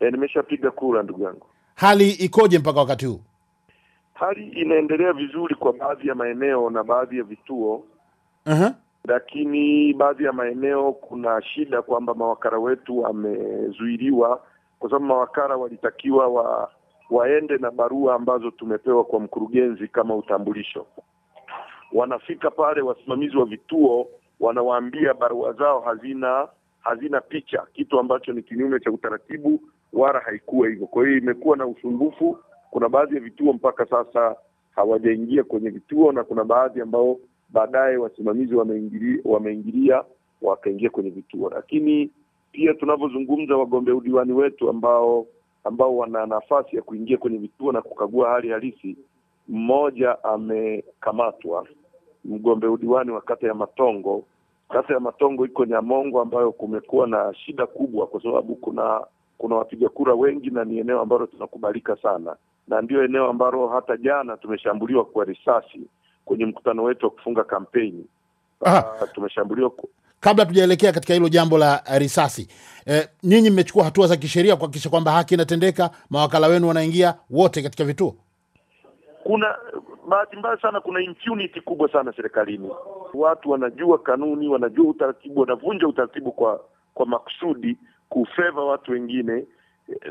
E, nimeshapiga kura ndugu yangu. Hali ikoje mpaka wakati huu? Hali inaendelea vizuri kwa baadhi ya maeneo na baadhi ya vituo uh-huh. Lakini baadhi ya maeneo kuna shida kwamba mawakala wetu wamezuiliwa kwa sababu mawakala walitakiwa wa, waende na barua ambazo tumepewa kwa mkurugenzi kama utambulisho. Wanafika pale, wasimamizi wa vituo wanawaambia barua zao hazina hazina picha, kitu ambacho ni kinyume cha utaratibu, wala haikuwa hivyo. Kwa hiyo imekuwa na usumbufu. Kuna baadhi ya vituo mpaka sasa hawajaingia kwenye vituo, na kuna baadhi ambao baadaye wasimamizi wameingili, wameingilia wakaingia kwenye vituo. Lakini pia tunavyozungumza, wagombea udiwani wetu ambao ambao wana nafasi ya kuingia kwenye vituo na kukagua hali halisi, mmoja amekamatwa, mgombea udiwani wa kata ya Matongo kata ya Matongo iko Nyamongo, ambayo kumekuwa na shida kubwa, kwa sababu kuna kuna wapiga kura wengi na ni eneo ambalo tunakubalika sana, na ndio eneo ambalo hata jana tumeshambuliwa kwa risasi kwenye mkutano wetu wa kufunga kampeni. Uh, tumeshambuliwa ku... Kabla tujaelekea katika hilo jambo la eh, risasi eh, nyinyi mmechukua hatua za kisheria kuhakikisha kwamba haki inatendeka, mawakala wenu wanaingia wote katika vituo kuna bahati mbaya sana, kuna impunity kubwa sana serikalini. Watu wanajua kanuni, wanajua utaratibu, wanavunja utaratibu kwa kwa makusudi kufeva watu wengine,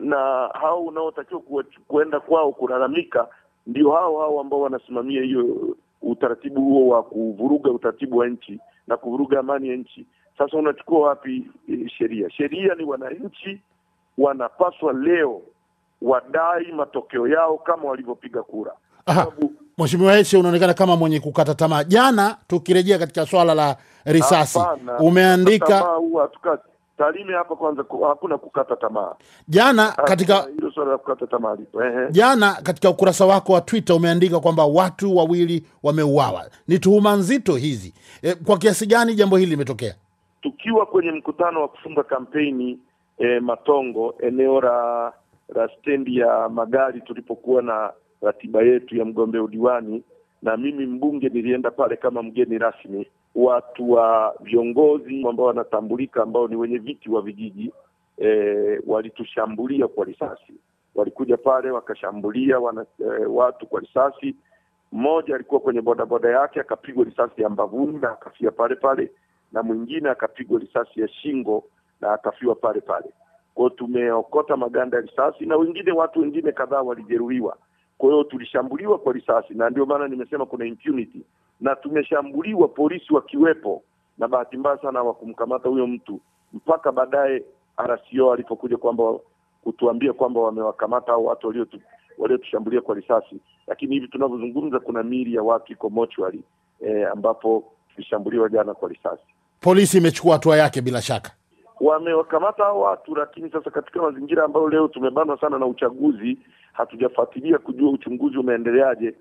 na hao unaotakiwa kuenda kwao kulalamika ndio hao hao ambao wanasimamia hiyo utaratibu huo wa kuvuruga utaratibu wa nchi na kuvuruga amani ya nchi. Sasa unachukua wapi e, sheria? Sheria ni wananchi wanapaswa leo wadai matokeo yao kama walivyopiga kura. Mheshimiwa Heche, unaonekana kama mwenye kukata tamaa. Jana tukirejea katika swala la risasi, umeandika Talime hapa kwanza, hakuna kukata tamaa. Jana ah, katika hilo swala la kukata tamaa lipo. Ehe, jana katika ukurasa wako wa Twitter umeandika kwamba watu wawili wameuawa. Ni tuhuma nzito hizi e, kwa kiasi gani jambo hili limetokea? Tukiwa kwenye mkutano wa kufunga kampeni e, Matongo, eneo la la stendi ya magari tulipokuwa na ratiba yetu ya mgombea udiwani, na mimi mbunge nilienda pale kama mgeni rasmi. Watu wa viongozi ambao wanatambulika ambao ni wenye viti wa vijiji e, walitushambulia kwa risasi, walikuja pale wakashambulia wana, e, watu kwa risasi. Mmoja alikuwa kwenye bodaboda yake akapigwa risasi ya mbavuni na akafia pale pale, na mwingine akapigwa risasi ya shingo na akafiwa pale pale kwao. Tumeokota maganda ya risasi na wengine, watu wengine kadhaa walijeruhiwa. Kwa hiyo tulishambuliwa kwa risasi, na ndio maana nimesema kuna impunity, na tumeshambuliwa polisi wakiwepo, na bahati mbaya sana wakumkamata huyo mtu mpaka baadaye RCO alipokuja kwamba kutuambia kwamba wamewakamata au watu waliotushambulia kwa risasi, lakini hivi tunavyozungumza kuna miili ya watu iko mochwari e, eh, ambapo tulishambuliwa jana kwa risasi. Polisi imechukua hatua yake bila shaka wamewakamata hao watu, lakini sasa katika mazingira ambayo leo tumebanwa sana na uchaguzi, hatujafuatilia kujua uchunguzi umeendeleaje.